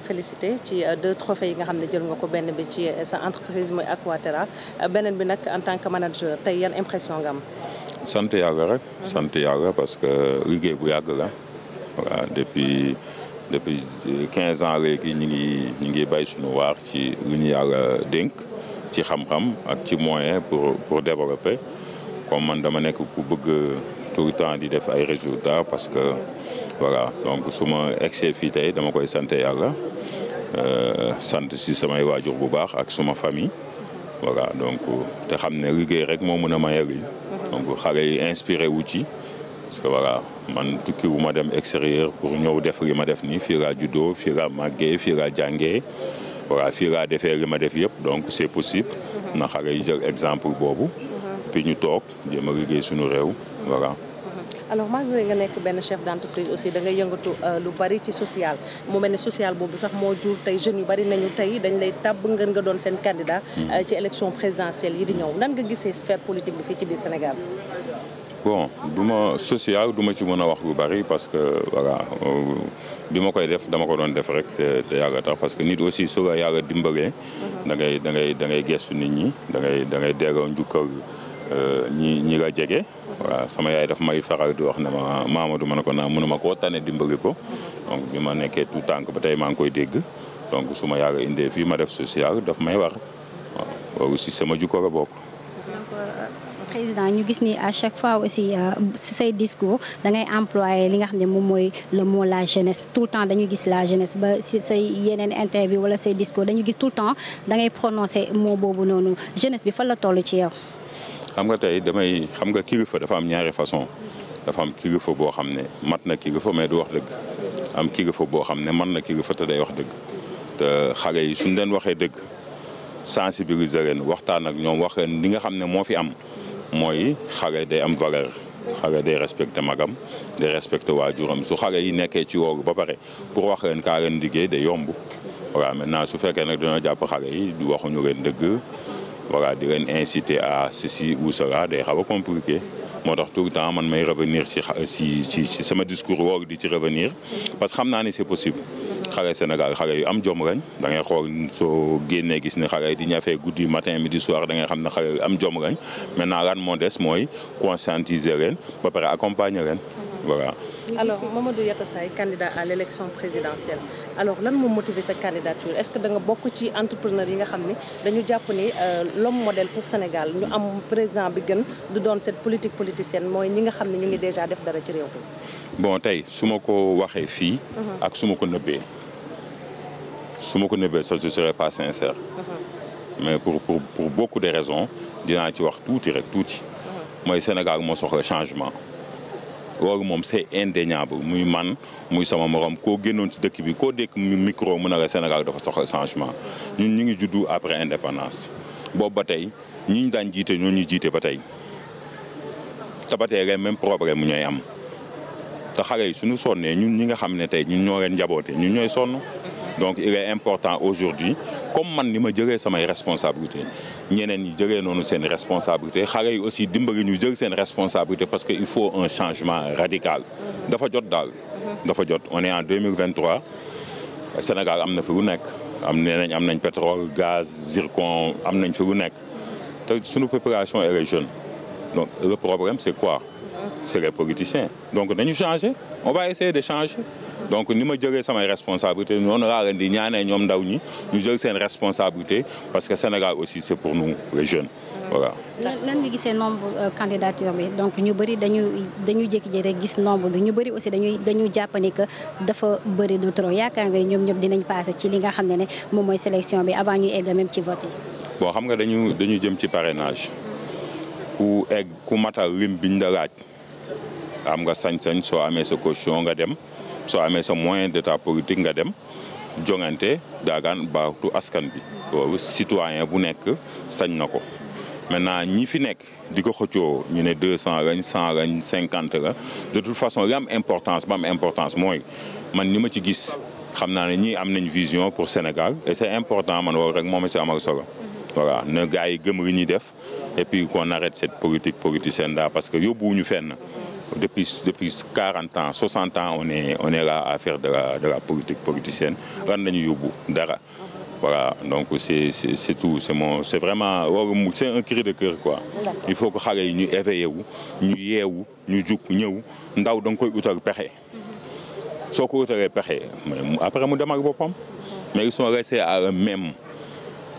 félicité ci euh, deux trophées yi nga xam ne jël nga ko benn bi ci euh, sa entreprise ak Aquaterra euh, beneen bi nag en tant que manager tey yan impression nga am. sant yàlla rek. sant yàlla parce que liggéey bu yàgg la. voilà depuis depuis quinze ans léegi ñu ngi ñu ngi bay suñu waar ci lu ñu yàlla dénk ci xam-xam ak ci moyen pour pour développer comme man dama nekk ku bëgg tout le temps di def ay résultats parce que. voilà donc su ma egsee fii tey dama koy sant yàlla euh, sant si samay waajur bu baax ak suma famille voilà donc te xam ne liggéey rek moo mën a may donc xale yi inspiré wu ci parce que voilà man tukki wu ma dem extérieur pour ñëw def li ma def nii fii laa juddoo fii laa màggee fii laa jàngee voilà fii laa defee li ma def yëpp donc c'est possible na xale yi jël exemple boobu puis mhm. ñu toog jéem a liggéey suñu réew voilà alors malgré nga nekk benn chef d'entreprise aussi da ngay euh, lu bari ci social mu mel ne social boobu sax moo jur tey jeunes yu bari nañu tey dañ lay tàbb ngeen nga doon seen candidat hmm. euh, ci élection présidentielle yi di ñëw nan nga gise sphère politique bi fii ci biir Sénégal bon du ma social duma ci mën a wax lu bari parce que voilà euh, bi ma koy def dama ko doon def rek te te yàlla tax parce que nit aussi su la yàlla dimbalee. Hmm. da ngay da ngay da ngay gestu nit ñi da ngay da ngay delloo njukkal ñi ñi la jege. waa sama yaay daf may faral di wax ne ma du ma ne ko naa mënuma koo tane dimbali ko donc bi ma nekkee tout tànk ba tey maa koy dégg donc suma ma yàlla fii ma def social daf may wax waaw si sama jukko la bokk. Euh, président ñu gis ni à chaque fois aussi euh, si say discours da ngay employé li nga xam ne moom mooy le mot la jeunesse tout le temps dañu gis la jeunesse ba si say yeneen interview wala say discours dañu gis tout le temps da ngay prononcé mot boobu noonu jeunesse bi fan la toll ci yow. xam nga tey damay xam nga kilifa dafa am ñaari façon dafa am kilifa boo xam ne mat na kilifa mais du wax dëgg am kilifa boo xam ne man na kilifa te day wax dëgg te xale yi suñ leen waxee dëgg sensibiliser leen waxtaan ak ñoom wax leen li nga xam ne moo fi am mooy xale day am valeur xale day respecté magam day respecté waajuram su xale yi nekkee ci woogu ba pare pour wax leen kaa leen da day yomb waaw maintenant su fekkee nag dañoo jàpp xale yi waxuñu leen dëgg voilà di leen inciter à ceci ou cela day xaw a compliqué moo tax tout le temps man may revenir ci ci ci ci sama discours woog di ci revenir parce que xam naa ni c'est possible xale Sénégal xale yu am jom lañ da ngay xool soo génnee gis ne xale di ñafee guddi matin midi soir da ngay xam ne xale yu am jom lañ maintenant lan moo des mooy conscientiser leen ba pare accompagner leen voilà alors Mamadou Yatassaye candidat à l' élection présidentielle alors lan moo motiver sa candidature est ce que da nga bokk ci entrepreneur yi nga xam ni dañu jàpp ni euh, l'homme modèle pour Sénégal ñu am président bi gën du doon cette politique politicienne mooy ñi nga xam ne ñu ngi déjà def dara ci réew mi. bon tey su ma ko waxee fii. Mhm. ak su ma ko nëbbee su ma ko nëbbee sax je serais pas sincère. Mhm. mais pour pour pour beaucoup de raisons dinaa ci wax tuuti rek tuuti. Mhm. mooy Sénégal moo soxla changement. loolu moom c'est indéniable muy man muy sama moroom koo génnoon si dëkk bi ko dékk micro mu ne la Sénégal dafa soxla changement ñun ñu ngi juddu après indépendance boobu ba tey ñi ñu daan jiite ñoo ñu jiite ba tey te ba tey même problème mu ñooy am te xale yi suñu sonnee ñun ñi nga xam ne tey ñun ñoo leen njaboote ñu ñooy sonn donc il est important aujourd'hui comme man ni ma jëlee samay responsabilité ñeneen ñi jëlee noonu seen responsabilité xale yi aussi dimbali ñu jël seen responsabilité parce que il faut un changement radical dafa jot daal dafa jot on est en 2023 Sénégal am na fi lu nekk am nañ am nañ pétrole gaz zircon am nañ fi lu nekk te suñu population elle est jeune donc le problème c'est quoi c'est les politiciens donc nañu changer on va essayer de changer donc ni ma jëlee samay responsabilité noonu laa leen di ñaanee ñoom ndaw ñi ñu jël seen responsabilité parce que Sénégal aussi c'est pour nous les jeunes voilà. nan nga gisee nombre euh, candidature bi donc ñu bëri dañu dañu jékki-jékki rek gis nombre bi ñu bëri aussi dañuy dañu jàpp ne que dafa bari de trop yaakaar nga ñoom ñëpp dinañ passé ci li nga xam ne ne moom mooy sélection bi avant ñuy egg même ci vote yi. xam nga dañu dañu jëm ci parrainage ku egg ku matal lim biñ la laaj. am nga sañ-sañ soo amee sa caution nga dem soo amee sa moyen de ta politique nga dem jongante daagaan baatu askan bi loolu citoyen bu nekk sañ na ko maintenant ñi fi nekk di ko xëccoo ñu ne deux cent lañ cent lañ cinquante la de toute façon li am importance ba importance mooy man ni ma ci gis xam naa ne ñii am nañ vision pour Sénégal et c'est important man loolu rek moo ma ci amal solo voilà na gars yi gëm li ñuy def et puis qu'on arrête cette politique politicienne là parce que yóbbuwuñu fenn depuis depuis quarante ans soixante ans on est on est là à faire de la de la politique politicienne lan nañu yóbbu dara. voilà donc c'est c'est c'est tout c'est vraiment loolu c'est un cri de cœur quoi. il faut que xale yi ñu éveillé wu ñu yeewu ñu jug ñëw ndaw da nga koy utal pexe. soo ko utalee pexe après mu dem ak boppam. mais ils sont restés à eux-mêmes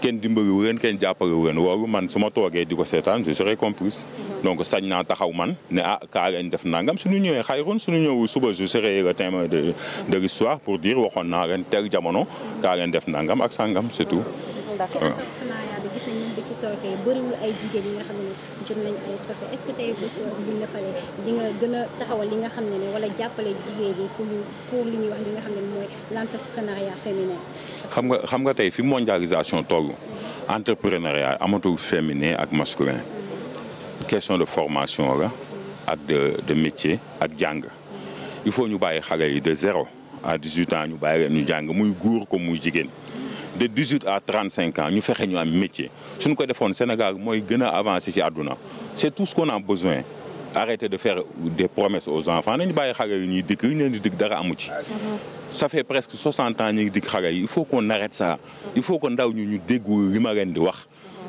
kenn dimbaliwu leen kenn jàppalewu leen loolu man su ma toogee di ko seetaan je serai complice. donc sañ naa taxaw man ne ah kaa def nangam suñu ñëwee xayrun suñu ñëwu suba je serai le témoin de de l'histoire pour dire waxoon naa leen teel jamono kaa def nangam ak sangam c'est tout. ay jigéen yi nga xam ne jot nañ ay trophée est que tey bés buñ la falee di nga taxawal li nga xam ne wala jàppale jigéen yi pour pour wax li nga xam ne mooy l'entrepreneuriat féminin. xam nga tey fi mondialisation toog entrepreneuriat amatul féminin ak masculin. question de formation la ak de de ak jàng il faut ñu bàyyi xale yi de zéro à dix huit ans ñu bàyyi leen ñu jàng muy góor ko muy jigéen de dix huit à trente cinq ans ñu fexe ñu am métier suñu ko defoon Sénégal mooy gën a avancé ci àdduna c'est tout ce qu'on a besoin arrêter de faire des promesses aux enfants nañu bàyyi xale yi ñuy dikk yu ñu di dikk dara amu ci. Mm-hmm. ça fait presque soixante ans ñu ngi dikk xale yi il faut qu'on arrête ça. il faut que ndaw ñu ñu déggu li ma leen di wax.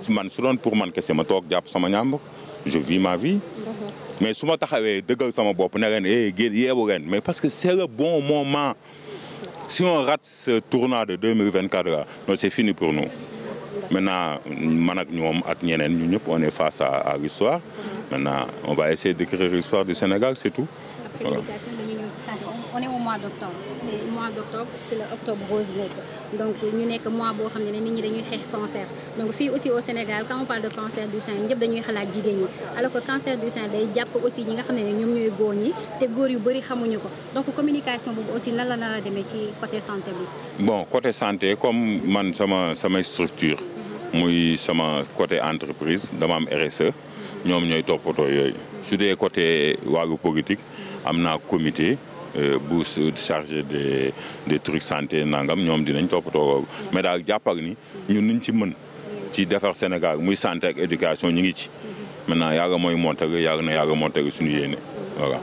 Mm-hmm. man su doon pour man kese ma toog jàpp sama ñàmb. je vis ma vie. mais su ma taxawee dëggal sama bopp ne leen eh génn yeewu mais parce que c'est le bon moment si on rate ce tournant de 2024 là non c'est fini pour nous. maintenant man ak ñoom ak ñeneen ñu ñëpp on est face à à l'histoire maintenant on va essayer d'écrire l'histoire du Sénégal c'est tout. communication dañu on est au dañuy xeex cancer donc fii aussi au Sénégal quand on parle de cancer du sein ñëpp dañuy xalaat jigéen ñi alors que cancer du sein day jàpp aussi ñi nga xam ne ñoom ñooy góor ñi te góor yu bëri xamuñu ko donc communication boobu aussi nan la nar a demee ci côté santé bi. bon côté santé comme man sama samay structure mhm. muy sama côté entreprise dama am RSE. ñoom ñooy toppatoo yooyu su dee côté waagu politique am naa comité euh, bu chargé des des trucs santé nangam ñoom dinañ toppatoo mais daal jàppal ni ñun niñ ci mën ci defar Sénégal muy santé ak éducation ñu ngi ci maintenant yàlla mooy montag yàlla na yàlla montag suñu yéene voilà